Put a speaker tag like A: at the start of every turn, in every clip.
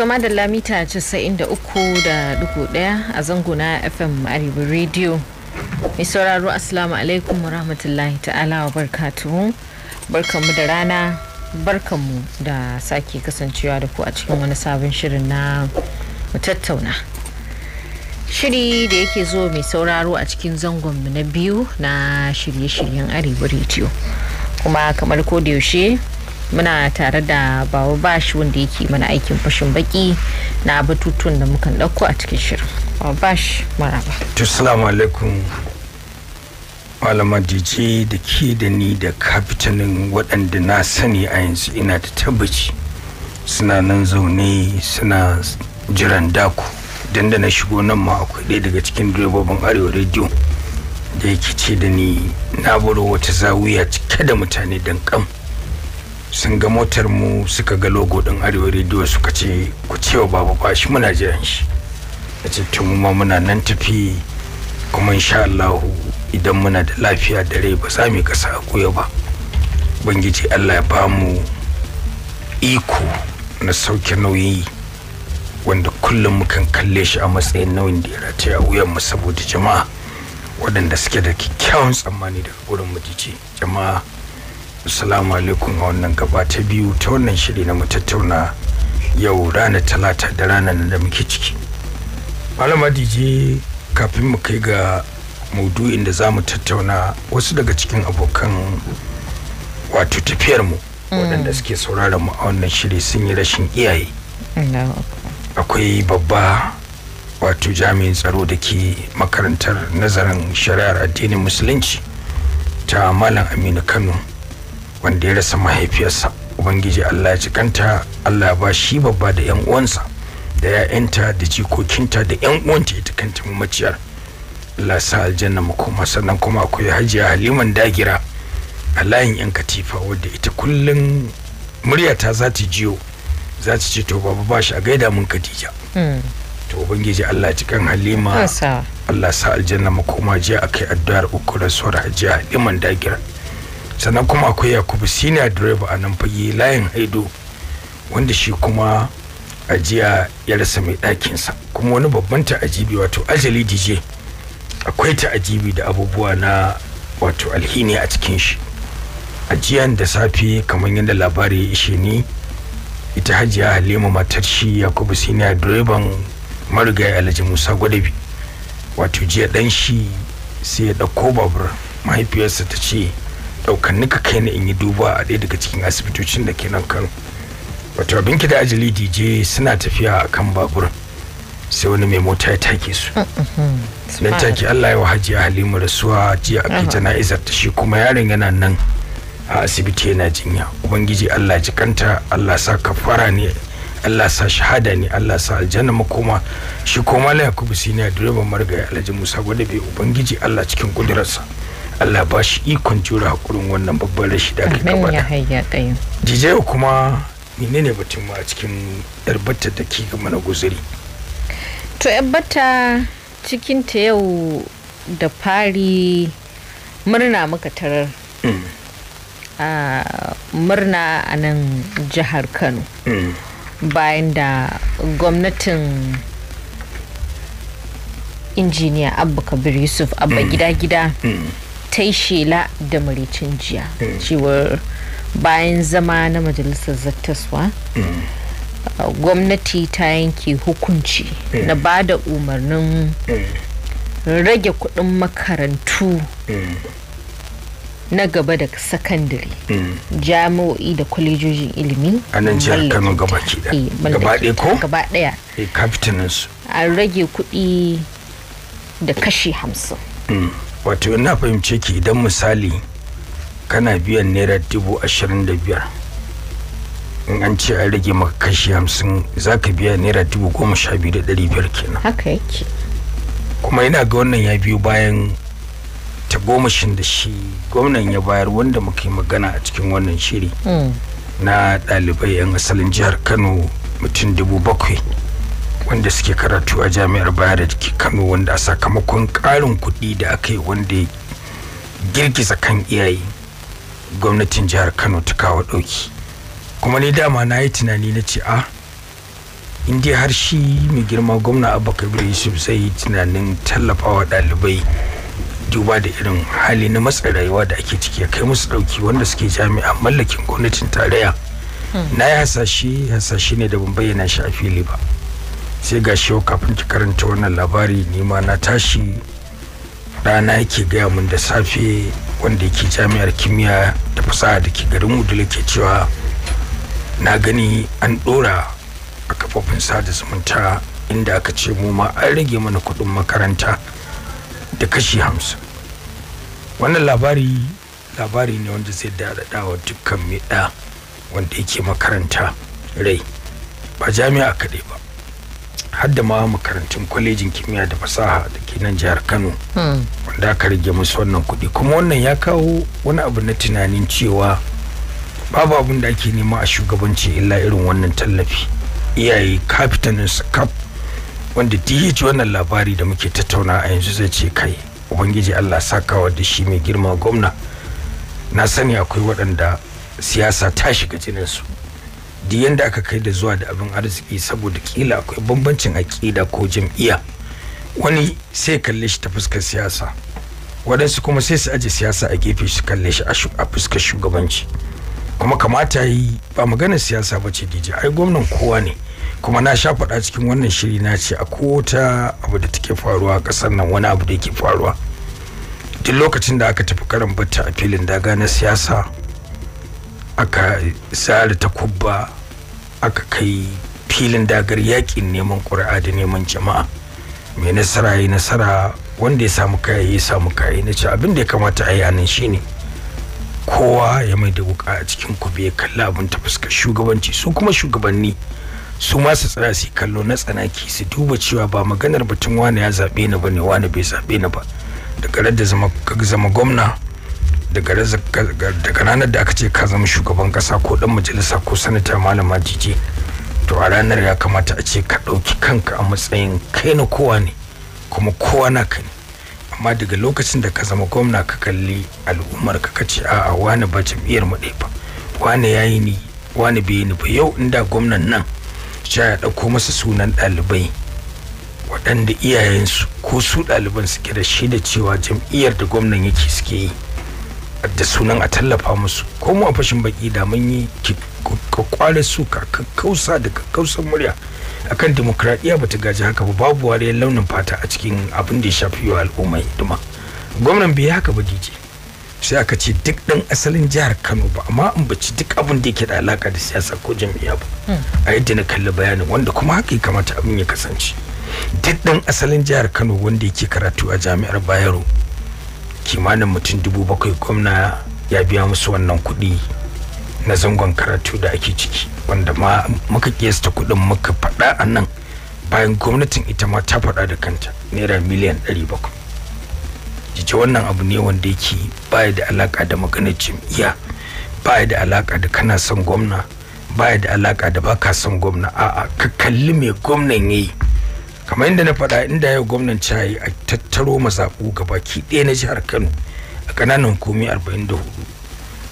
A: To da mita 93.1 a zanguna FM Arewa Radio. Mai sauraro Assalamu alaikum wa rahmatullahi ta'ala wa barkatuhu. Barkanmu da rana, barkanmu da sake kasancewa da ku a cikin wani sabon shirin na mu tattauna. Shiri da yake zo mai sauraro a cikin zangonmu na biyu na shirye-shiryen Arewa Radio. Kuma kamar ko da yaushe muna tare da bawa bashi wanda yake mana aikin fashin baki na batutun da mukan ɗauko a cikin shirin bawa bashi maraba
B: to salamu alaikum malama dj da ke da ni da kafitanin waɗanda na sani a yanzu ina da tabbaci suna nan zaune suna jiran daku don da na shigo nan ma akwai ɗaya daga cikin direbobin arewa rediyo da yake ce da ni na baro wata zawiya cike da mutane don kam sun ga motar mu suka ga logo din arewa rediyo suka ce ku cewa baba shi muna jiran shi na ce tun ma muna nan tafi kuma insha Allah idan muna da lafiya da rai ba za mu kasa akuya ba bangiji Allah ya ba mu iko na sauke nauyi wanda kullum mukan kalle shi a matsayin nauyin da ya rataya a mu saboda jama'a waɗanda suke da kyakkyawan tsammani daga gurin mu jama'a Assalamu alaikum a wannan gaba ta biyu ta wannan shiri na tattauna yau ranar talata da ranar da muke ciki. Malama DJ kafin mu kai ga maudu'in da za mu tattauna wasu daga cikin abokan wato tafiyar mu mm. waɗanda suke sauraron mu a wannan shiri sun yi rashin iyaye. Akwai babba wato jami'in tsaro da ke makarantar nazarin shari'ar addinin musulunci ta Malam Aminu Kano. wanda ya rasa mahaifiyarsa ubangiji allah ya cikanta allah ya ba shi babba da yan uwansa da ya'yanta da jikokinta da yan uwanta ita kanta mamaciyar allah sa aljanna mu koma sannan kuma akwai hajiya haliman dagira a layin yan katifa wadda ita kullum muryata za ta jiyo za ta ce to babu ba shi a gaida mun kadija hmm. to ubangiji allah cikan halima allah sa aljanna mu koma jiya akai addu'ar uku rasuwar hajiya haliman dagira sannan kuma akwai yakubu senior direba a nan fage layin haido wanda shi kuma ajiya ya rasa mai ɗakinsa kuma wani babban ta'ajibi wato ajali dj akwai ta'ajibi da abubuwa na wato alhini a cikin shi ajiyan da safe kamar yadda labari ya ishe ni ita hajiya halima matar shi yakubu siniya direban marigayi alhaji musa gwadabi wato jiya dan shi sai ya ɗauko babur mahaifiyarsa ta ce daukan ka kai ni in yi duba a ɗaya daga cikin asibitocin da ke nan kano wato abinki da ajali dj suna tafiya a kan babur sai wani mai mota ya take su
C: mm-hmm. nan take
B: allah ya wa hajiya halima rasuwa jiya ake uh-huh. jana'izar ta shi kuma yaron yana nan a asibiti yana jinya ubangiji allah jikanta kanta allah sa kafara ne allah sa shahada ne allah sa aljanna makoma shi kuma la yakubu a direban marigaya alhaji musa gwadabe ubangiji allah cikin kudurarsa Allah ba shi ikon jura hakurin wannan babban rashi da aka
A: da.
B: Jijewa kuma ne batun ma a cikin yar da ke gama na guzuri
A: to yar cikin ta yau da fari murna muka tarar mm. murna a nan jihar kano mm. bayan da gwamnatin injiniya abba kabir yusuf abba mm. gida-gida ta yi shela da maricin jiya mm. cewar bayan zama na majalisar zattaswa mm. gwamnati ta yanke hukunci mm. na ba da umarnin rage kudin makarantu na gaba da sakandare jami'o'i da kwalejojin ilimi a nan jihar kano eh, ko gaba daya eh, an rage kudi da kashi hamsin
B: wato ina fahimce ki idan misali kana biyan naira dubu ashirin da biyar in an ce an rage maka kashi hamsin za ka biya naira dubu goma sha biyu da ɗari biyar kenan
A: haka yake
B: kuma ina ga wannan ya biyu bayan ta gomashin da shi gwamnan ya bayar wanda muka yi magana a cikin wannan shiri mm. na ɗalibai 'yan asalin jihar kano mutum dubu bakwai wanda suke karatu a jami'ar bayar da ke kano wanda a sakamakon ƙarin kuɗi da aka yi wanda ya girgiza kan iyaye gwamnatin jihar kano ta kawo ɗauki kuma ni dama na yi tunani na ce a ah, in har shi mai girma gwamna abu kabir yusuf zai yi tunanin tallafawa ɗalibai duba da irin hali na matsa rayuwa da ake ciki kai musu ɗauki wanda suke jami'a mallakin gwamnatin tarayya hmm. na yi hasashe hasashe ne da ban bayyana shi a fili ba sai ga shi kafin ki karanta wannan labari ni ma na tashi rana yake gaya mun da safe wanda yake jami'ar kimiyya da fasaha da ke garin wudula ke cewa na gani an dora a kafofin sada zumunta inda aka ce mu ma an rage mana kuɗin makaranta da kashi hamsin wannan labari labari ne wanda zai daɗaɗa wa dukkan mai ɗa wanda yake makaranta rai ba jami'a kaɗai ba har da ma makarantun kwalejin kimiyya da fasaha da ke nan jihar kano hmm. wanda aka rage musu wannan kuɗi kuma wannan ya kawo wani abu na tunanin cewa babu abin da ake nema a shugabanci illa irin wannan tallafi iyaye kafitanin kaf wanda dh wannan labari da muke tattauna a yanzu zai ce kai ubangiji allah sakawa da shi mai girma gwamna na sani akwai waɗanda siyasa ta shiga jininsu duk yanda aka kai da zuwa da abin arziki saboda kila akwai bambancin aƙida ko jam'iyya wani sai kalle shi ta fuskar siyasa waɗansu kuma sai su aje siyasa a gefe su kalle shi a fuskar shugabanci kuma kamata yi ba magana siyasa ba ce dj ai gwamnan kowa ne kuma na sha faɗa cikin wannan shiri na ce a kowata abu da take faruwa a ƙasar nan wani abu da yake faruwa duk lokacin da aka tafi karan a filin daga na siyasa aka sare ta kubba aka kai filin dagar yakin neman ƙuri'a da neman jama'a mai nasara yi nasara wanda ya samu kaya ya samu kaya na ce abin da ya kamata a yi anan ne kowa ya mai da wuka a cikin kube ya kalla abin ta fuskar shugabanci su kuma shugabanni su ma su tsaya su kallo na tsanaki su duba cewa ba maganar batun wani ya zaɓe ni ne wani bai zaɓe ni ba da da zama gwamna daga ranar da aka ce ka zama shugaban kasa ko dan majalisa ko sanata malama jije to a ranar ya kamata a ce ka ɗauki kanka a matsayin kai na kowa ne kuma kowa na ka ne amma daga lokacin da ka zama gwamna ka kalli al'ummar ka kace a'a wani ba jam'iyyar mu ɗaya ba wani yayi ni wani bai ni ba yau inda gwamnan nan sha ya ɗauko masa sunan ɗalibai waɗanda iyayensu ko su ɗaliban suke da shi da cewa jam'iyyar da gwamnan yake suke yi da sunan a tallafa musu ko mu a fashin baki da mun yi kwale su ka kausa da kausar murya akan demokradiyya bata gaji haka ba babu wariyar launin fata a cikin abin da ya shafi wa al'umma duma. gwamnan bai haka ba dije sai aka ce duk dan asalin jihar Kano ba amma an baci duk abin da yake da alaka da siyasa ko jam'iyya ba hmm. a yadda na kalli bayanin wanda kuma haka kamata abin ya kasance duk dan asalin jihar Kano wanda yake karatu a jami'ar Bayero kimanin mutum dubu bakwai gwamna ya biya musu wannan kuɗi na zangon karatu da ake ciki wanda ma muka kiyasta kuɗin muka faɗa a nan bayan gwamnatin ita ma ta faɗa da kanta naira miliyan ɗari bakwai jike wannan abu ne wanda yake baya da alaƙa da maganar jam'iyya baya da alaƙa da kana son gwamna baya da alaƙa da baka son gwamna a'a ka kalli me gwamnan yayi kamar inda na faɗa inda yau gwamnan cayi a tattaro ga baki ɗaya na jihar kano a ƙananan komi 44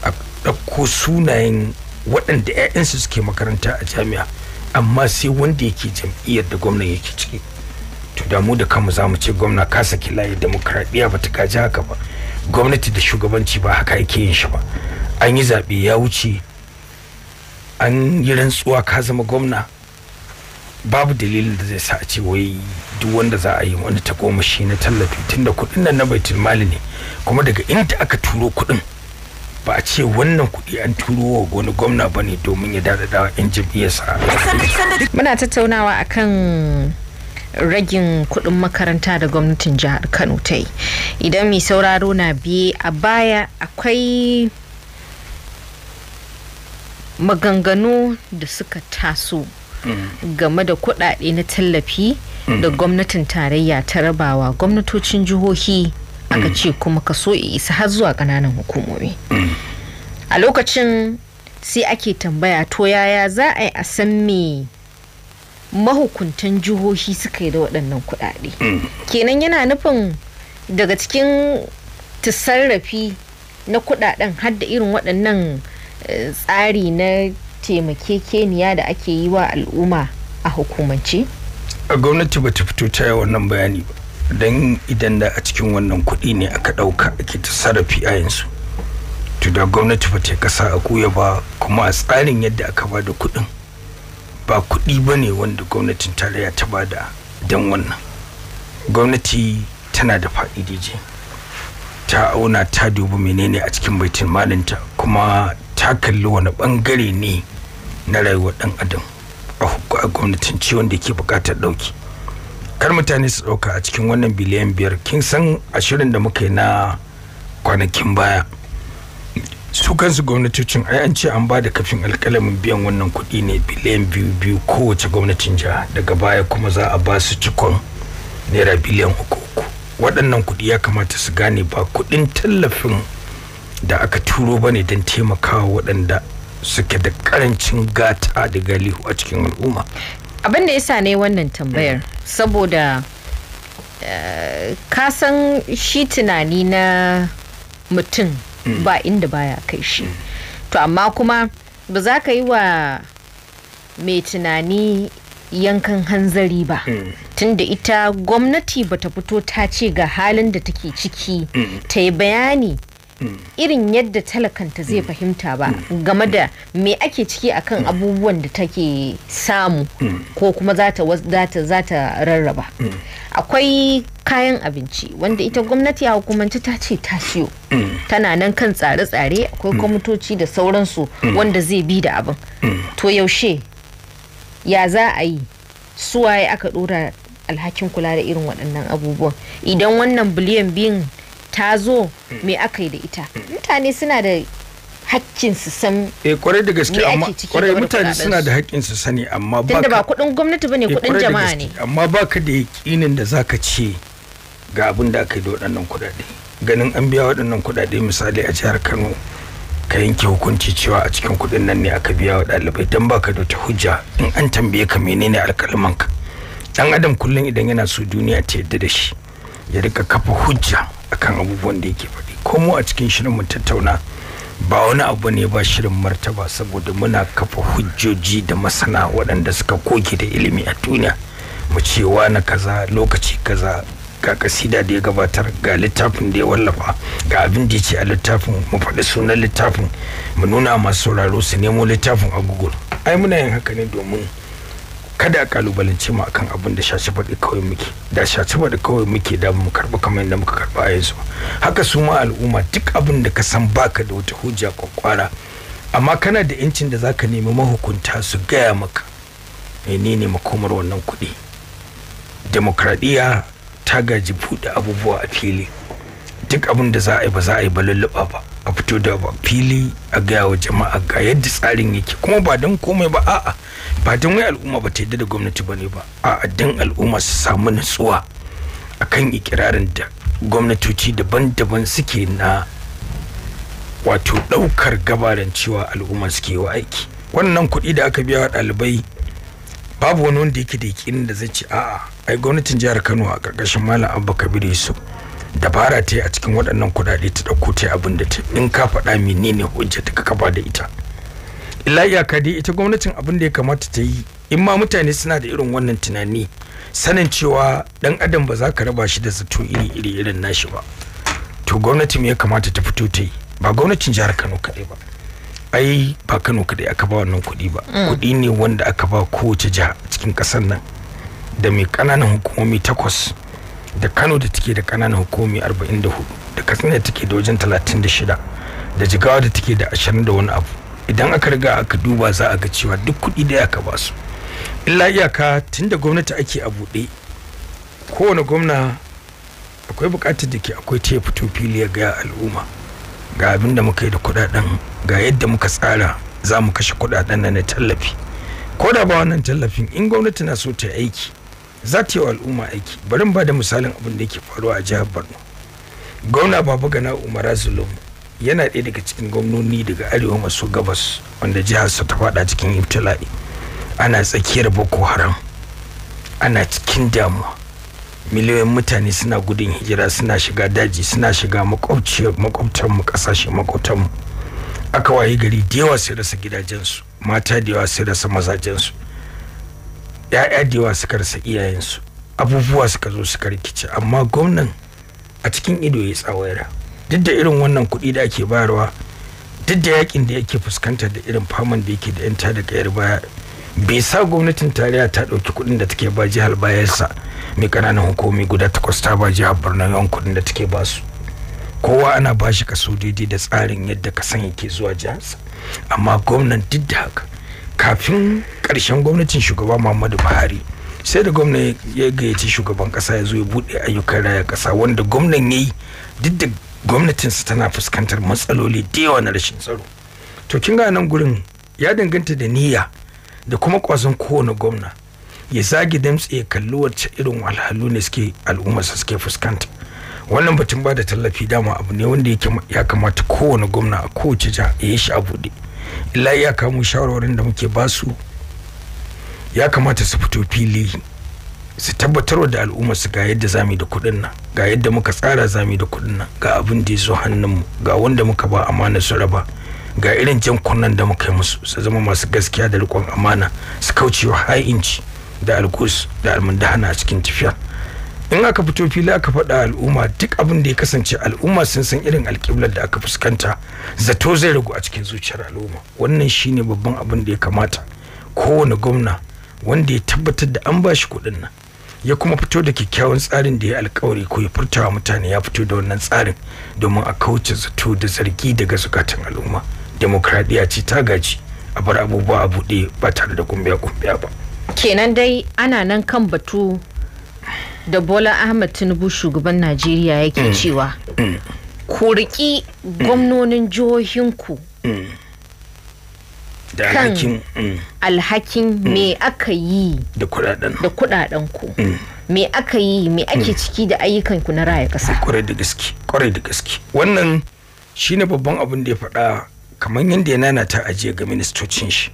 B: a ɗauko sunayen waɗanda 'ya'yansu suke makaranta a jami'a amma sai wanda yake jam'iyyar da gwamnan yake ciki to da mu da kanmu za mu ce gwamna ka saki layi demokradiyya ba ta kaji haka ba gwamnati da shugabanci ba haka yake yin shi ba an yi zaɓe ya wuce an yi rantsuwa ka zama gwamna babu dalilin da zai sa a ce wai duk wanda za a yi wani shi na tallafi tunda kuɗin nan na baitul mali ne kuma daga inda aka turo kuɗin ba a ce wannan kuɗi an turo wa wani gwamna ba ne domin ya daɗaɗa yan jam'iyyarsa.
A: muna tattaunawa akan ragin kuɗin makaranta da gwamnatin jihar kano ta yi idan mai sauraro na biye a baya akwai maganganu da suka taso game da kuɗaɗe na tallafi da mhm. gwamnatin tarayya ta rabawa gwamnatocin jihohi aka mhm. ce kuma kaso isa har zuwa ƙananan hukumomi mhm. a lokacin sai ake tambaya to yaya za a yi a san me mahukuntan jihohi suka yi da waɗannan kuɗaɗe kenan yana nufin daga cikin tasarrafi na kuɗaɗen har da irin waɗannan eh, tsari na keniya da ake yi wa al'umma a hukumance?
B: a gwamnati ba ta fito ta yi wannan bayani ba don idan da a cikin wannan kuɗi ne aka ɗauka ake ta sarrafi a yanzu to da gwamnati ba ta kasa a kuya ba kuma a tsarin yadda aka ba da kuɗin ba kuɗi ba ne wanda gwamnatin tarayya ta ba da don wannan gwamnati tana da fa'idije ta auna ta dubi menene a cikin baitin malinta kuma ta kalli wani bangare ne na rayuwar dan adam a gwamnatin ciwon da ke bukatar dauki kar mutane su dauka a cikin wannan biliyan biyar kin san ashirin da muka yi na kwanakin baya su kansu gwamnatocin ai an ce an ba da kafin alkalamin biyan wannan kuɗi ne biliyan biyu biyu kowace gwamnatin jiha daga baya kuma za a ba su cikon naira biliyan uku uku waɗannan kuɗi ya kamata su gane ba kuɗin tallafin da aka turo ba ne don taimakawa waɗanda suke da karancin gata da galihu a cikin al'umma
A: abin da yasa ne wannan tambayar mm. saboda eh, ka san shi tunani na mutum mm. ba inda baya kai shi mm. to amma kuma ba za ka yi wa mai tunani yankan hanzari ba tunda ita gwamnati bata fito ta ce ga halin da take ciki ta yi bayani Mm. irin yadda talakanta zai mm. fahimta ba mm. game da me ake ciki akan abubuwan da take samu ko kuma za ta rarraba akwai kayan abinci wanda ita gwamnati a hukumanci ta ce ta siyo tana nan kan tsare-tsare akwai kwamitoci da sauransu wanda zai bi da abin to yaushe ya za a yi suwaye aka dora alhakin kula da irin waɗannan abubuwan idan wannan biliyan biyun ta zo me aka yi da ita mutane suna da hakkin su san eh kwarai da gaske amma kwarai mutane suna da
B: hakkin su sani amma ba tunda ba
A: kudin gwamnati bane eh, kudin jama'a ne
B: amma baka da yakinin da zaka ce ga abin da aka yi da waɗannan kuɗaɗe ganin an biya waɗannan kuɗaɗe misali a jihar Kano ka yanke hukunci cewa a cikin kuɗin nan ne aka biya wa ɗalibai don baka da wata hujja in an tambaye ka menene alƙalmanka dan adam kullum idan yana so duniya ta yadda da shi ya rika kafa hujja akan abubuwan da yake faɗi ko mu a cikin shirin mu tattauna ba wani abu ne ba shirin martaba saboda muna kafa hujjoji da masana waɗanda suka koke da ilimi a duniya mu cewa na kaza lokaci kaza ga kasida da ya gabatar ga littafin da ya wallafa ga abin da ya ce a littafin mu faɗi sunan littafin mu nuna masu sauraro su nemo littafin a google ai muna yin haka ne domin kada a kalubalance mu akan abin da shaci faɗi kawai muke da shaci faɗi kawai muke da mu karɓi kamar yadda muka karɓa a yanzu haka su ma al'umma duk abin da ka san baka da wata hujja kwakwara amma kana da yancin da zaka nemi mahukunta su gaya maka menene makomar wannan kuɗi demokradiyya ta gaji buɗe abubuwa a fili duk abin da za a yi ba za a yi ba lulluɓa ba a fito da ba fili a gaya wa jama'a ga yadda tsarin yake kuma ba don komai ba a'a ba don wai al'umma ba ta yadda da gwamnati ba ne ba a'a don al'umma su samu nutsuwa a kan ikirarin da gwamnatoci daban-daban suke na wato ɗaukar gabaran cewa al'umma suke wa aiki wannan kuɗi da aka biya wa ɗalibai babu wani wanda yake da yakinin da zai ce a'a ai gwamnatin jihar kano a ƙarƙashin malam abba kabiru yusuf dabara ta a cikin waɗannan kuɗaɗe ta ɗauko ta abin da ta in ka faɗa menene hujja ta kaba da ita illa iyaka dai ita gwamnatin abin da ya kamata ta yi in ma mutane suna da irin wannan tunani sanin cewa ɗan adam ba za ka raba shi da zato iri iri irin nashi ba to gwamnatin ya kamata ta fito ta yi ba gwamnatin jihar Kano kaɗai ba ai ba Kano kaɗai aka ba wannan kuɗi ba mm. kuɗi ne wanda aka ba kowace jiha cikin ƙasar nan da mai ƙananan hukumomi takwas da kano da take da kananan hukumi 44 da katsina da take da wajen 36 da jigawa da take da 20 da wani abu idan aka riga aka duba za a ga cewa duk kuɗi da aka ba su illa iyaka tun da gwamnati ake a buɗe kowane gwamna akwai buƙatar da ke akwai ta fito fili ga al'umma ga abin da muka yi da kuɗaɗen ga yadda muka tsara za mu kashe kuɗaɗen na tallafi ko da ba wannan tallafin in gwamnati na so ta aiki za ta yi wa al'umma aiki bari ba da misalin abin da yake faruwa a jihar borno gwamna babu gana umara zulum yana ɗaya daga cikin gwamnoni daga arewa maso gabas wanda jihar jiharsa ta faɗa cikin ibtila'i ana tsakiyar boko haram ana cikin damuwa miliyoyin mutane suna gudun hijira suna shiga daji suna shiga makwabtanmu kasashe makwabtanmu aka waye gari da yawa sai rasa gidajensu mata da yawa sai rasa mazajensu ya'ya da yawa suka rasa iyayensu abubuwa suka zo suka rikice amma gwamnan a cikin ido ya tsawaira duk da irin wannan kuɗi da ake bayarwa duk da yakin da yake fuskanta da irin faman da yake da yan tada 'yar baya bai sa gwamnatin tarayya ta ɗauki kuɗin da take ba jihar bayarsa mai ƙananan hukumi guda takwas ta ba jihar borno yawan kuɗin da take ba su kowa ana bashi shi kaso daidai da tsarin yadda ka kasan yake zuwa jihar amma gwamnan duk da haka kafin karshen gwamnatin shugaba muhammadu buhari sai da gwamna ya gayyaci shugaban kasa ya zo ya buɗe ayyukan raya kasa wanda gwamnan ya yi duk da gwamnatinsa tana fuskantar matsaloli da yawa na rashin tsaro to kin ga nan gurin ya danganta da niyya da kuma kwazon kowane gwamna ya zagi damtse ya kalli wacce irin walhalu ne suke al'ummarsa suke fuskanta wannan batun ba da tallafi dama abu ne wanda ya kamata kowane gwamna a kowace ja ya yi shi a buɗe illa ya kamo shawarwarin da muke ba su ya kamata su fito fili su tabbatar da al'umma su ga yadda zamu da kuɗin nan ga yadda muka tsara zamu da kuɗin nan ga abin da ya zo hannunmu ga wanda muka ba amana su raba ga irin jankunan da muka yi musu su zama masu gaskiya da riƙon amana su kaucewa ha'inci da alkus da almundahana a cikin tafiya in aka fito fili aka faɗa al'umma duk abin da ya kasance al'umma sun san irin alƙiblar da aka fuskanta zato zai ragu a cikin zuciyar al'umma wannan shine babban abin da ya kamata kowane gwamna wanda ya tabbatar da an ba shi kuɗin nan ya kuma fito da kyakkyawan tsarin da ya alkawari ko ya furtawa mutane ya fito da wannan tsarin domin a kauce zato da zargi daga zukatan al'umma demokradiya ce ta gaji a bar abubuwa a buɗe ba tare da kumbiya kumbiya ba
A: kenan dai ana nan kan batu da bola ahmad tinubu shugaban najeriya yake mm. cewa mm. ku riƙi mm. gwamnonin jihohinku
C: kan
A: alhakin me aka yi da kudaden ku me aka yi me ake ciki da ayyukan na raya kasa
B: kwarai da gaske wannan shi ne wannan shine babban abin da ya faɗa kamar yadda ya nanata ajiye ga ministocin shi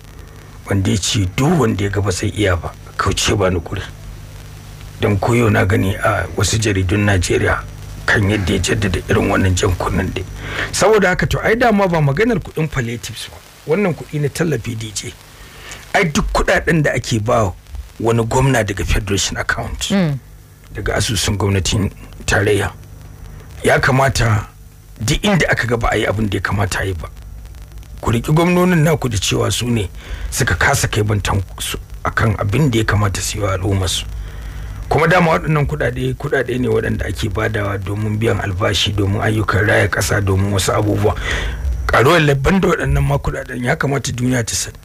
B: wanda ya ce duk wanda ya gaba zai iya ba kauce ba ni guri don koyo na gani a wasu jaridun najeriya kan yadda ya jaddada irin wannan jan kunnen dai saboda haka to ai dama ba maganar kuɗin palliatives ba wannan kuɗi na tallafi dj ai duk kuɗaɗen da ake ba wani gwamna daga federation account hmm. daga asusun gwamnatin tarayya ya kamata duk inda aka gaba a yi abin da ya kamata a yi ba ku riƙi gwamnonin naku da cewa su ne suka kasa kai bantan su akan abin da ya kamata su yi wa al'ummar su kuma dama waɗannan kuɗaɗe kuɗaɗe ne waɗanda ake badawa domin biyan albashi domin ayyukan raya ƙasa domin wasu abubuwa ƙaruwar labban da waɗannan ma kuɗaɗen ya kamata duniya ta sani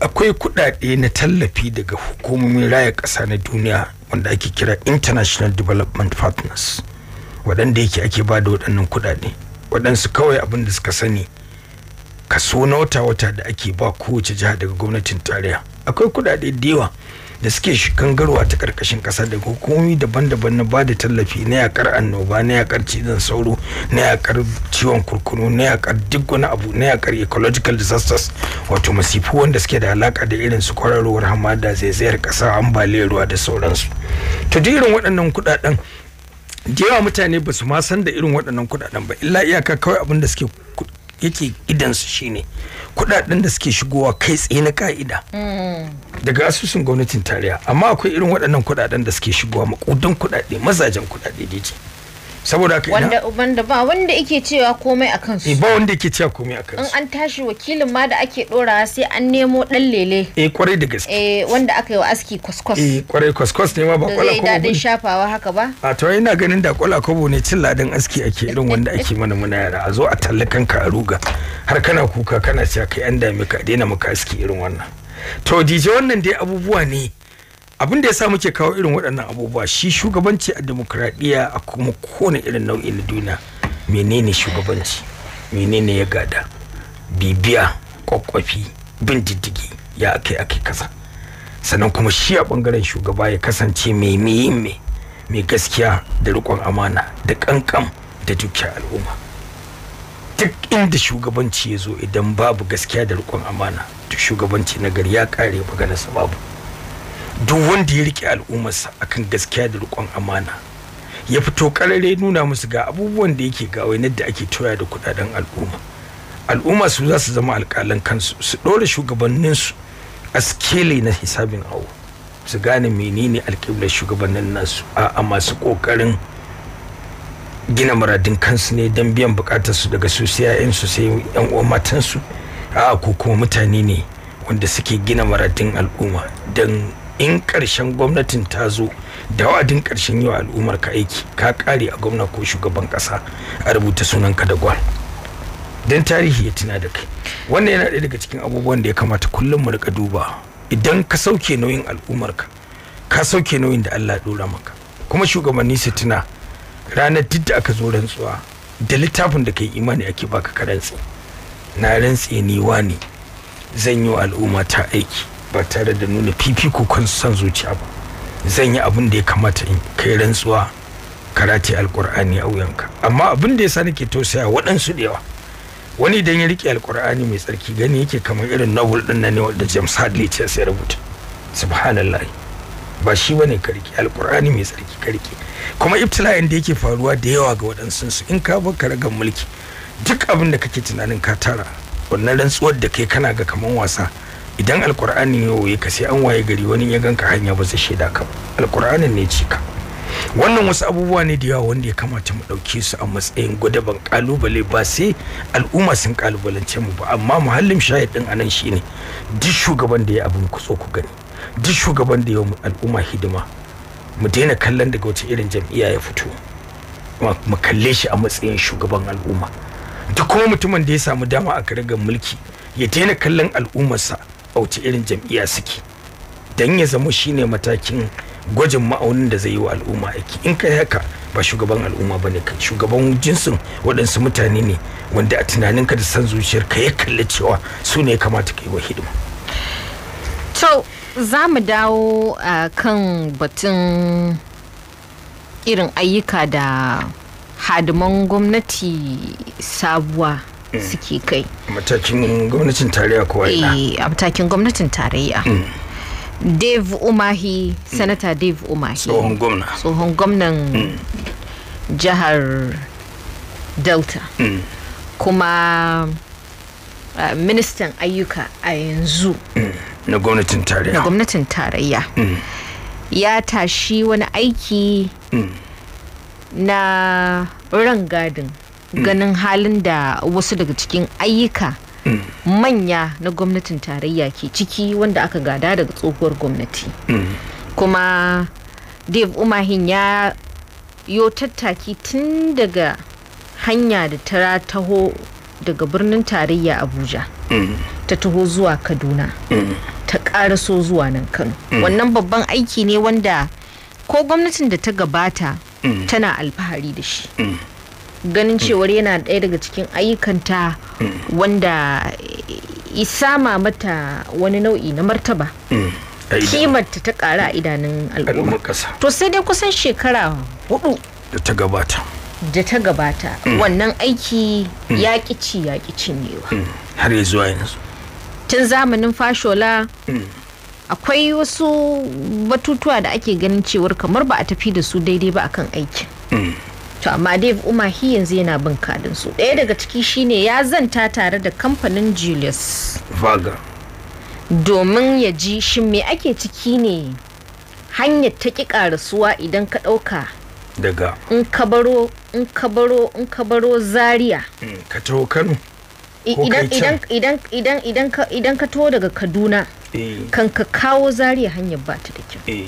B: akwai kuɗaɗe na tallafi daga hukumomin raya ƙasa na duniya wanda ake kira international development partners waɗanda yake ake ba da waɗannan kuɗaɗe waɗansu kawai abin da suka sani kaso na wata-wata da ake ba kowace jiha daga gwamnatin tarayya akwai kuɗaɗe da yawa da suke shikangarwa ta karkashin kasa da hukumomi daban-daban na bada tallafi na yakar annoba na yakar cizon sauro na yakar ciwon kurkunu na yakar duk wani abu na yakar ecological disasters wato masifu wanda suke da alaka da irin su kwararowar hamada zaizayar kasa ambaliyar ruwa da sauransu to duk irin waɗannan kuɗaɗen da yawa mutane ba su ma san da irin waɗannan kuɗaɗen ba illa iyaka kawai abin da suke yake idansu shine kudaden da suke shigowa kai tsaye na ka'ida daga asusun gwamnatin tarayya amma akwai irin waɗannan kudaden da suke shigowa makudan kudade mazajen kudade dai-dai. saboda haka wanda
A: wanda ba wanda yake cewa komai a kansu. Eh, ba wanda
B: yake cewa komai a kansu. in
A: an tashi wakilin ma da ake dora sai an nemo dan lele eh kwarai da gaske eh wanda aka yi wa aski kwaskwas eh
B: kwarai kwaskwas ne ma ba kwala kobo dadin
A: shafawa haka ba
B: a to ina ganin da kwala kobo ne cin ladan aski ake irin wanda ake mana muna yara a zo a tallakan ka a ruga har kana kuka kana cewa kai an dame ka daina muka aski irin wannan to dije wannan dai abubuwa ne abin da ya sa muke kawo irin waɗannan abubuwa shi shugabanci a demokradiyya a kuma kowane irin nau'in na duniya menene shugabanci menene ya gada bibiya kwakwafi bin diddigi ya ake ake kasa sannan kuma shi a bangaren shugaba ya kasance mai miyin mai mai gaskiya da riƙon amana da ƙanƙam da dukiya al'umma duk inda shugabanci ya zo idan babu gaskiya da riƙon amana duk shugabanci na gari ya ƙare maganarsa babu duk wanda ya rike al'ummarsa akan gaskiya da rikon amana ya fito karare nuna musu ga abubuwan da yake ga wayar da ake toya da kudaden al'umma al'umma su za su zama alƙalan kansu su ɗora shugabanninsu a skele na hisabin awo su gane menene alƙiblar shugabannin nasu a masu ƙoƙarin gina muradin kansu ne don biyan su daga su sai 'ya'yansu sai 'yan uwa matansu a ko kuma mutane ne wanda suke gina muradin al'umma don in ƙarshen gwamnatin ta zo da wa'adin ƙarshen yau al'ummar ka aiki ka ƙare a gwamna ko shugaban ƙasa a rubuta sunan ka da gwal don tarihi ya tuna da kai wannan yana ɗaya daga cikin abubuwan da ya kamata kullum mu rika duba idan ka sauke nauyin al'ummar ka ka sauke nauyin da Allah dora maka kuma shugabanni su tuna ranar duk da aka zo rantsuwa da littafin da kai imani ake baka ka rantsi na rantsi ni wani zan yi wa al'umma ta aiki ba tare da nuna fifiko kan san zuciya ba zan yi abin da ya kamata in kai rantsuwa karate alkur'ani a wuyanka amma abin da yasa nake tausaya waɗansu da yawa wani idan ya rike alkur'ani mai tsarki gani yake kamar irin novel din nan ne wanda James Hadley ce sai rubuta subhanallah ba shi bane ka rike alkur'ani mai tsarki ka rike kuma ibtila'in da yake faruwa da yawa ga waɗansu su in ka bar karagan mulki duk abin da kake tunanin ka tara wannan rantsuwar da kai kana ga kaman wasa idan alkur'ani ya waye ka sai an waye gari wani ya ganka hanya ba zai shaida ka alkur'anin ne ce ka wannan wasu abubuwa ne da yawa wanda ya kamata mu ɗauke su a matsayin gudaban kalubale ba sai al'umma sun kalubalance mu ba amma muhallin shahid din anan shine duk shugaban da ya abin ku ku gani duk shugaban da ya mu al'umma hidima mu daina kallon daga wata irin jam'iyya ya fito mu kalle shi a matsayin shugaban al'umma duk kuma mutumin da ya samu dama a karagar mulki ya daina kallon al'ummarsa auci irin jam'iyya suke dan ya zama shine matakin gwajin ma'aunin da zai yi wa al'umma aiki in kai haka ba shugaban al'umma ba ne shugaban jinsin waɗansu mutane ne wanda a tunaninka da san ka ya kalli cewa su ne kamata ka yi wa hidima
A: to za mu dawo a kan batun irin ayyuka da hadiman gwamnati sabuwa Eh. suke kai
C: matakin
B: gwamnatin tarayya kuwa eh
A: a matakin gwamnatin tarayya hmm. dave umahi hmm. sanata dave umahi tsohon gwamna tsohon gwamnan hmm. jihar delta kuma uh, ministan ayyuka a yanzu
B: na gwamnatin tarayya na
A: gwamnatin tarayya ya tashi wani aiki na rangadin Hmm. ganin halin da wasu daga cikin ayyuka hmm. manya na gwamnatin tarayya ke ciki wanda aka gada daga tsohuwar gwamnati hmm. kuma dave umahin ya yo tattaki tun daga hanya da ta taho daga birnin tarayya abuja ta taho zuwa kaduna ta karaso zuwa nan kano wannan babban aiki ne wanda ko gwamnatin da ta gabata tana alfahari da shi ganin cewar yana ɗaya daga cikin ayyukanta wanda isama mata wani nau'i na martaba hmm, kimarta ta ƙara a idanun al'umma to sai dai kusan shekara hudu da
B: ta gabata
A: da ta gabata hmm. wannan aiki hmm. ya ci ya cinyewa
B: har yi zuwa yanzu
A: tun zamanin fashola akwai wasu batutuwa da ake ganin cewar kamar ba a tafi da su daidai ba akan aikin to amma dave hi yanzu yana bin kadin su ɗaya daga ciki shine ya zanta tare da kamfanin julius vaga domin ya ji shin me ake ciki ne hanyar ta ƙi karasuwa idan ka ɗauka daga in ka baro in ka in ka zaria
B: hmm, ka taho kano
A: idan ka taho daga kaduna eh. kan ka kawo zaria hanyar ba ta da kyau eh.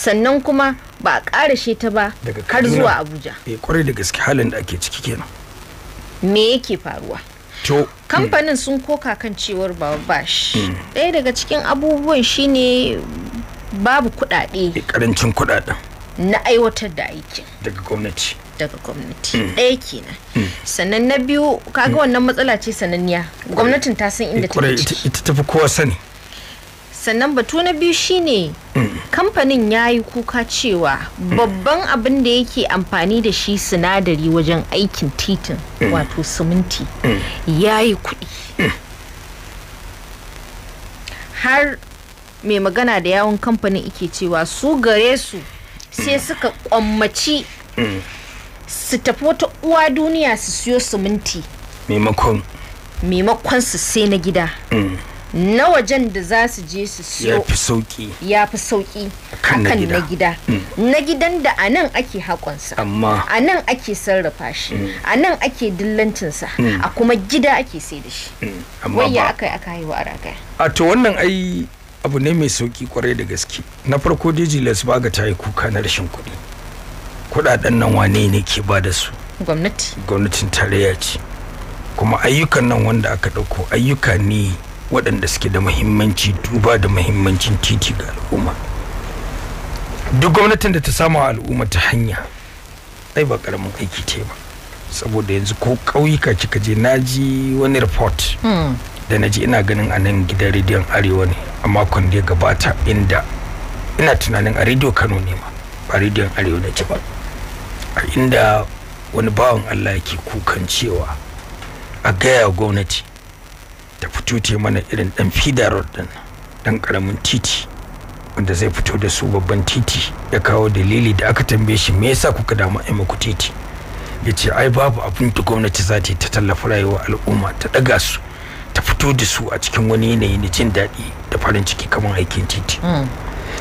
A: sannan kuma ba a ƙarashe ta ba har zuwa abuja
B: eh kwarai da gaske halin da ake ciki kenan
A: me yake faruwa to kamfanin hmm. sun koka kan cewar ba bash hmm. ɗaya daga cikin abubuwan shine babu kuɗaɗe
B: karancin eh, kuɗaɗen
A: na aiwatar da aikin
B: daga gwamnati
A: daga gwamnati hmm. ɗaya kenan sannan na biyu kaga wannan matsala ce sananniya gwamnatin ta san inda eh, ta
B: ita tafi kowa sani
A: sannan batu na biyu shine kamfanin ya yi kuka cewa babban abin da yake amfani da shi sinadari wajen aikin titin wato siminti ya yi kudi har mai magana da yawon kamfanin ike cewa su gare su sai suka kwammaci su tafi wata uwa duniya su siyo siminti maimakon maimakon su sai na gida na wajen da za su je su siyo ya fi sauki ya fi na gida mm. na gidan da a nan ake haƙonsa a nan ake sarrafa shi mm. a nan ake dillancinsa mm. a kuma gida ake sai da shi wayya aka yi aka haihu a ragaya
B: a to wannan ai abu ne mai sauki kwarai da gaske na farko ba ga ta yi kuka na rashin kuɗi kuɗaɗen nan wane ne ke ba da su gwamnati gwamnatin tarayya ce kuma ayyukan nan wanda aka ɗauko ayyuka ne waɗanda suke da muhimmanci duba da muhimmancin titi ga al'umma duk gwamnatin da ta samu al'umma ta hanya ai ba karamin aiki ce ba saboda yanzu ko ƙauyuka kika je ji wani report hmm. da naji ina ganin a nan gidan rediyon arewa ne a makon da ya gabata inda ina tunanin a rediyo kano ne ma ba rediyon arewa na ba a inda wani bawan allah yake kukan cewa a gaya gwamnati ta fito ce mana irin dan fida road din dan karamin titi wanda zai fito da su babban titi ya kawo dalili da aka tambaye shi me yasa kuka damu ai muku titi yace ce ai babu abin da gwamnati za ta tallafa rayuwar al'umma ta daga su ta fito da su a cikin wani yanayi na jin daɗi da farin ciki kamar aikin titi hmm.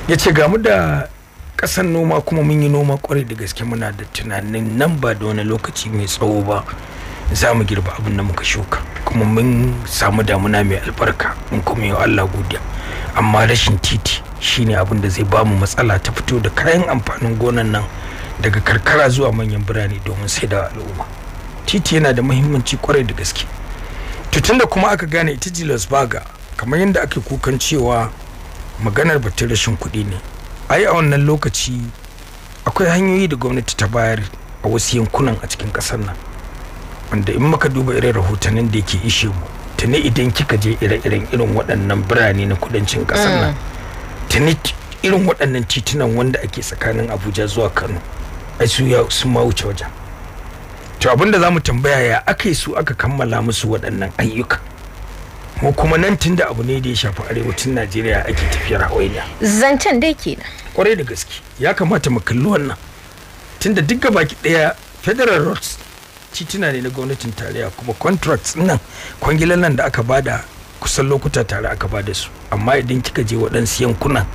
B: ya ce mu da ƙasan noma kuma mun yi noma kwarai da gaske muna da tunanin nan ba da wani lokaci mai tsawo ba za mu girba abin da muka shuka kuma mun samu damuna mai albarka mun kuma yi Allah godiya amma rashin titi shine abin da zai bamu matsala ta fito da kayan amfanin gonan nan daga karkara zuwa manyan birane domin sai da al'umma titi yana da muhimmanci kwarai da gaske tutun da kuma aka gane ita jilas baga kamar yadda ake kukan cewa maganar batun rashin kuɗi ne ai a wannan lokaci akwai hanyoyi da gwamnati ta bayar a wasu yankunan a cikin ƙasar nan wanda in muka duba irin rahotannin da yake ishe mu tuni idan kika je ire-iren irin waɗannan birane na kudancin ƙasar nan tuni irin waɗannan titunan wanda ake tsakanin abuja zuwa kano ai su ya sun ma wuce wajen to abinda za mu tambaya ya aka yi su aka kammala musu waɗannan ayyuka mu kuma nan tun da abu ne da ya shafi arewacin najeriya ake tafiyar hawaiya
A: zancen dai kenan
B: kwarai da gaske ya kamata mu kalli wannan tunda duk baki ɗaya federal roads tituna ne na gwamnatin tarayya kuma contracts nan kwangilan nan da aka bada kusan lokuta tare aka bada su amma idan kika je waɗansu yankunan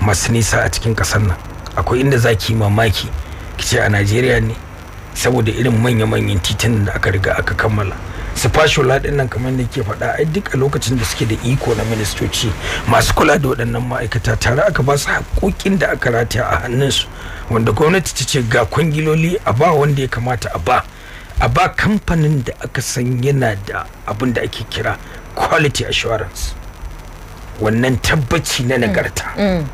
B: masu nisa a cikin ƙasar nan akwai inda za ki mamaki ki ce a najeriya ne saboda irin manya-manyan titunan da aka riga aka kammala su fashola ɗin nan kamar da ke faɗa ai duk a lokacin da suke da iko na ministoci masu kula da waɗannan ma'aikata tare aka ba su haƙoƙin da aka rataya a hannunsu wanda gwamnati ta ce ga kwangiloli a ba wanda ya kamata a ba a ba kamfanin da aka san yana da abin da ake kira quality assurance wannan tabbaci na hmm. nagarta hmm.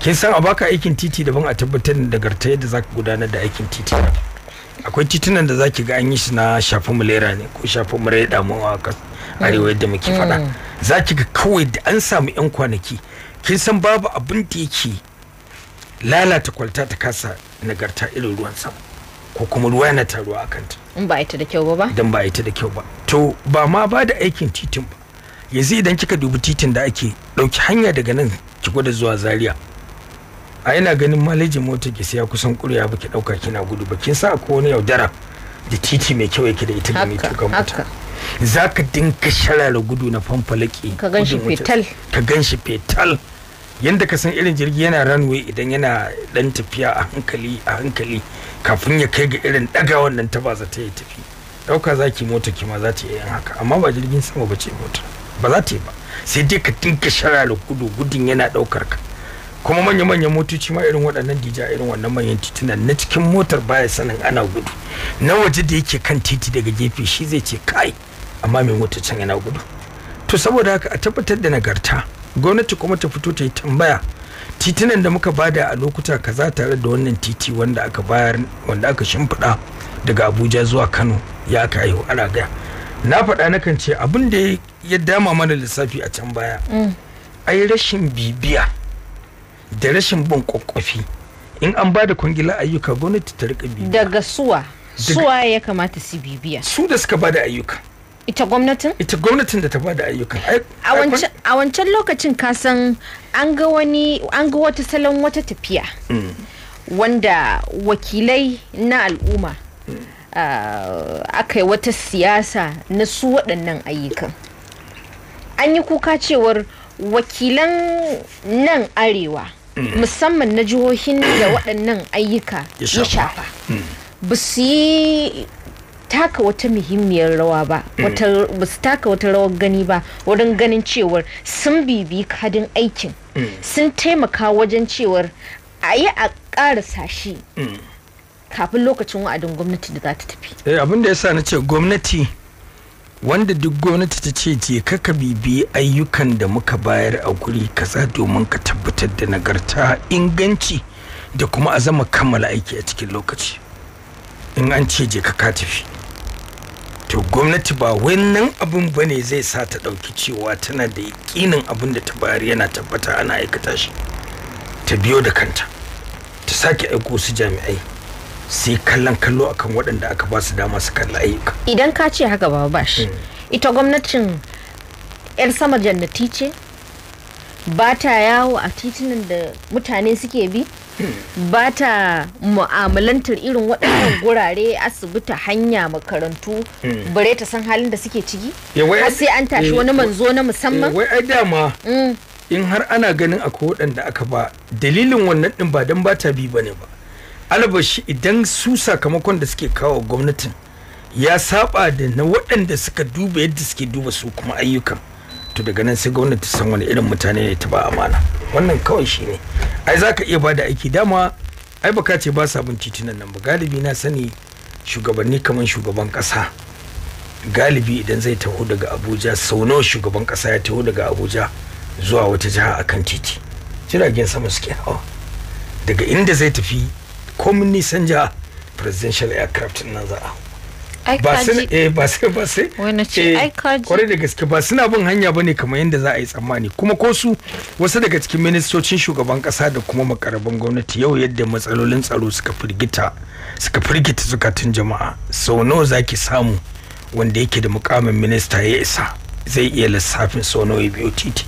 B: kin san a baka aikin titi daban a tabbatar da nagarta yadda zaka gudanar da aikin titi akwai titunan da zaki ga an yi shi na shafin mulera ne ko shafin mulera damuwa a hmm. arewa yadda muke faɗa zaki ga kawai da an samu yan kwanaki kin san babu abin da yake lalata kwalta ta kasa nagarta irin ruwan sama ko kuma ruwa yana taruwa a kanta
A: in ba ita da kyau ba ba
B: idan ba ita da kyau ba to ba ma ba da aikin titin ba yanzu idan kika dubi titin da ake ɗauki hanya daga nan ki gwada zuwa zaria a yana ganin malejin mota ki siya kusan ƙuriya ba ki ɗauka kina gudu ba kin sa ko wani yaudara da titi mai kyau yake da ita da mai tuka mota za ka dinka sharara gudu na fanfalaki ka gan fetal ka gan fetal yadda ka san irin jirgi yana runway idan yana dan tafiya a hankali a hankali kafin ya kai ga irin daga wannan ta ba za ta yi tafi dauka zaki mota kima za ta yi haka amma ba jirgin sama ba ce mota ba za ta yi ba sai dai ka tinka shara da gudu gudun yana daukar ka kuma manya-manyan motoci ma irin waɗannan dija irin wannan manyan tituna na cikin motar baya sanin ana gudu na waje da yake kan titi daga gefe shi zai ce kai amma mai motocin yana gudu to saboda haka a tabbatar da nagarta gwamnati kuma ta fito ta yi tambaya titunan da muka bada a lokuta kaza tare da wannan titi wanda aka bayar wanda aka shimfiɗa daga abuja zuwa kano ya aka yi na faɗa na kan ce abin da ya dama mana lissafi a can baya mm. ai rashin bibiya da rashin bin kwakwafi in an bada da kwangila ayyuka gwamnati ta rika bibiya
A: daga suwa suwa ya kamata su bibiya su da suka bada ayyuka ita gwamnatin ita gwamnatin da ta bada ayyukan a wancan lokacin kasan an ga wani an ga wata salon wata tafiya mm. wanda wakilai na al'umma mm. ah, aka yi wata siyasa na su waɗannan ayyukan an yi kuka cewar wakilan nan arewa mm. musamman na jihohin da waɗannan ayyuka ya shafa ba su yi taka wata muhimmiyar rawa ba hmm. ba su taka wata rawar gani ba wurin ganin cewar sun bibi kadin aikin hmm. sun taimaka wajen cewar a yi a ƙarasa shi hmm. kafin lokacin wa'adin gwamnati da za ta tafi
B: eh, abin da ya sa na ce gwamnati wanda duk gwamnati ta ce je ka bibi ayyukan da muka bayar a guri kaza domin ka tabbatar da nagarta inganci da kuma a zama kammala aiki a cikin lokaci in an ce je ka tafi to gwamnati ba wannan abin ba ne zai sa ta ɗauki cewa tana da yaƙinin abin da ta bayar yana tabbata ana aikata shi ta biyo da kanta ta sake aiko su jami'ai sai kallon kallo akan waɗanda aka ba su dama su kalla ayyuka
A: idan ka ce haka ba shi hmm. ita gwamnatin 'yar sama jannati ce ba ta yawo a titunan da mutane suke bi ba ta mu'amalantar irin waɗannan gurare asibiti hanya makarantu hmm. bare ta san halin da suke ciki har sai an tashi wani eh, manzo na musamman wai ai dama hmm.
B: in har ana ganin akwai waɗanda aka ba dalilin wannan ɗin ba don ba ta bi ba ne ba albashi idan su sakamakon da suke kawo gwamnatin ya saba da na waɗanda suka duba yadda suke duba su kuma ayyukan to daga nan sai gwamnati san wani irin mutane ne ta ba amana wannan kawai shi ne ai za ka iya bada aiki dama ai baka ce ba sabon titunan nan ba galibi na sani shugabanni kamar shugaban kasa galibi idan zai taho daga abuja sau nawa shugaban kasa ya taho daga abuja zuwa wata jiha kan titi jiragen sama suke hawa daga inda zai tafi komin nisan jiha presidential aircraft nan za a hau ba su eh, ba ba eh, kwarai da gaske ba suna bin hanya bane kamar yadda za a yi tsammani kuma ko su wasu daga cikin ministocin shugaban kasa da kuma makarabin gwamnati yau yadda matsalolin tsaro suka firgita suka firgita zukatun jama'a sau nawa zaki samu wanda yake da mukamin minista ya isa zai iya lissafin sau nawa biyu titi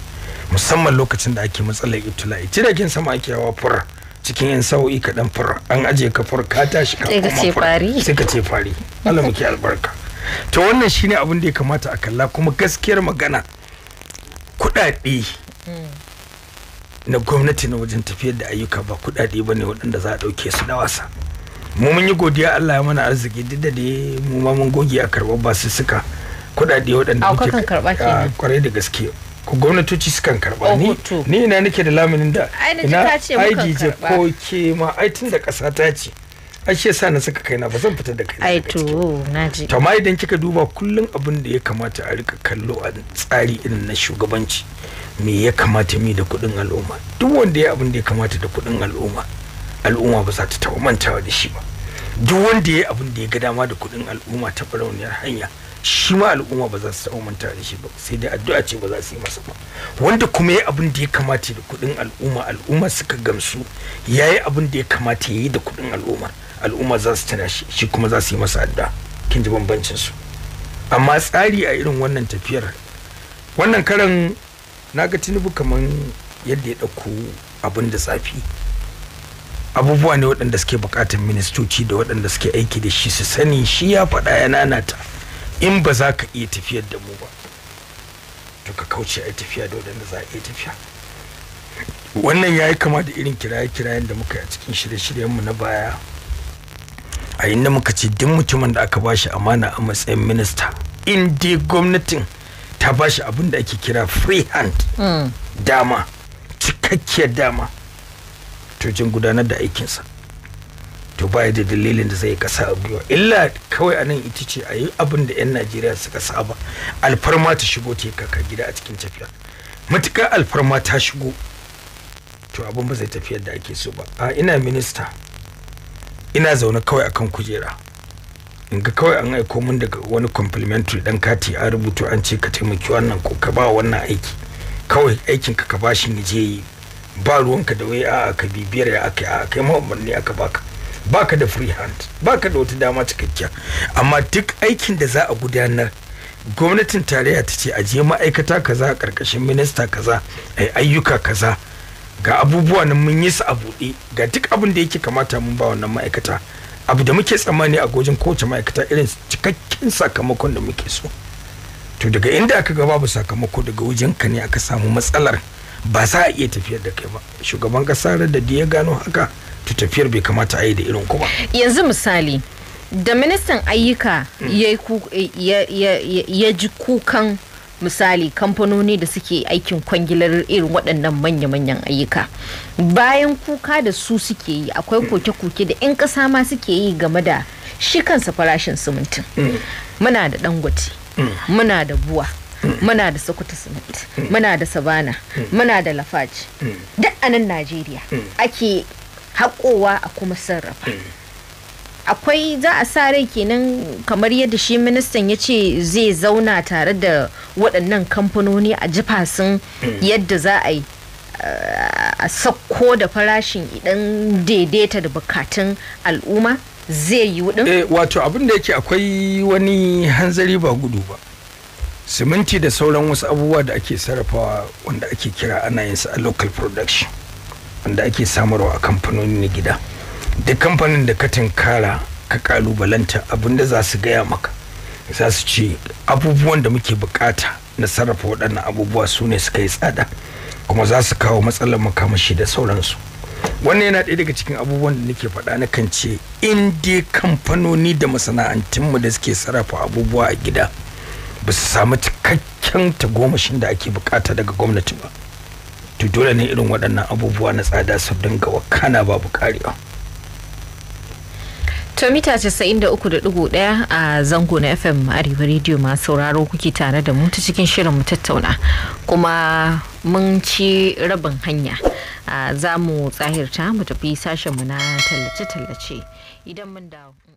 B: musamman lokacin da ake matsalar ibtila'i jiragen sama ake hawa fura cikin yan sa'o'i ka dan fur an aje ka fur ka tashi ka kuma fur sai ka ce fari Allah muke albarka to wannan shine abin da ya kamata a kalla kuma gaskiyar magana kuɗaɗe na gwamnati na wajen tafiyar da ayyuka ba kudade ba ne waɗanda za a ɗauke su da wasa mu mun yi godiya Allah ya mana arziki duk da mu ma mun goge a karɓar basussuka kuɗaɗe waɗanda muke kwarai ah, da gaske ku gwamnatoci sukan karba oh, ni ni ina nake da laminin da ina IDJ ko ke ma ai tun da ta ce ai shi yasa na saka kaina ba zan fita
A: da kaina ai to naji to mai
B: idan kika duba kullun abin da ya kamata a rika kallo a tsari irin na shugabanci me ya kamata mi da kudin al'umma duk wanda ya abin da ya kamata da kudin al'umma al'umma ba za ta taɓa mantawa da shi ba duk wanda ya abin da ya ga dama da kudin al'umma ta barauniyar hanya shi ma al'umma ba za su taɓa manta da shi ba sai dai addu'a ce ba za su yi masa ba wanda kuma ya abin da ya kamata da kuɗin al'umma al'umma suka gamsu ya yi abin da ya kamata ya yi da kuɗin al'umma al'umma za su tana shi shi kuma za su yi masa addu'a kin ji bambancin su amma tsari a irin wannan tafiyar wannan karan na ga tinubu kamar yadda ya ɗauko abin da tsafi abubuwa ne waɗanda suke buƙatar ministoci da waɗanda suke aiki da shi su sani shi ya faɗa ya ta. in ba za ka iya tafiyar da mu ba to ka kauce a tafiya da wadanda za a iya tafiya wannan ya yi kama da irin kiraye-kirayen da muka yi a cikin shirye-shiryenmu na baya a inda muka ce duk mutumin da aka ba shi amana a matsayin minista in dai gwamnatin ta bashi abin da ake kira free hand mm. dama cikakkiyar dama to jin gudanar da aikinsa to ba da dalilin da zai kasa abuwa illa kawai anan ita ce a yi abin da 'yan najeriya suka saba alfarma ta shigo ta yi kaka gida a cikin tafiya matuƙar alfarma ta shigo to abin ba zai tafi yadda ake so ba a ina minista ina zaune kawai akan kujera in ga kawai an aiko min daga wani complimentary dan kati a rubutu an ce ka taimaki wannan ko ka ba wannan aiki kawai aikin ka ka bashi ne je yi ba ruwanka da wai a'a ka bibiyar ya aka yi a'a kai ma umarni aka baka baka da free hand baka da wata dama cikakkiya amma duk aikin da za a gudanar gwamnatin tarayya ta ce a je ma'aikata kaza karkashin minista kaza ai ayyuka kaza ga abubuwa na mun yi su a buɗe ga duk abin da yake kamata mun ba wannan ma'aikata abu da muke tsammani a gojin kowace ma'aikata irin cikakken sakamakon da muke so to daga inda aka ga babu sakamako daga wajen ka ne aka samu matsalar ba za a iya tafiyar da kai ba shugaban kasa da ya gano haka to tafiyar bai kamata a yi da irin kuma
A: yanzu misali da ministan ayyuka ya ji kukan misali kamfanoni da suke aikin kwangilar irin waɗannan manya-manyan ayyuka bayan kuka da su suke yi akwai koke-koke da in ƙasa ma suke yi game da shi kansa farashin simintin muna da dangote muna da buwa muna da sokoto siminti muna da sabana muna da lafaji duk a nan najeriya ake haƙowa a kuma sarrafa akwai za a sa rai kenan kamar yadda shi ministan ya ce zai zauna tare da waɗannan kamfanoni a jifasin yadda za a yi a sakko da farashin idan daidaita da bukatun al'umma zai yi wudin? Eh, wato
B: abin da yake akwai wani hanzari ba gudu ba siminti da sauran wasu abubuwa da ake sarrafawa wanda ake kira ana yin sa a local production wanda ake samarwa a kamfanoni na gida duk kamfanin da ka tinkara ka kalubalanta abinda za su gaya maka za su ce abubuwan da muke bukata na sarrafa waɗannan abubuwa su ne suka yi tsada kuma za su kawo matsalar makamashi da sauransu wannan yana ɗaya daga cikin abubuwan da nake faɗa na kan ce in dai kamfanoni da masana'antunmu da suke sarrafa abubuwa a gida ba su samu cikakken tagomashin da ake bukata daga gwamnati ba to dole ne irin waɗannan abubuwa na tsada su dinga wakana babu karewa
A: to mita 93.1 a zango na fm arewa rediyo masu sauraro kuke tare da mu ta cikin shirin mu tattauna kuma mun ci rabin hanya za mu tsahirta mu tafi sashenmu na tallace-tallace idan mun dawo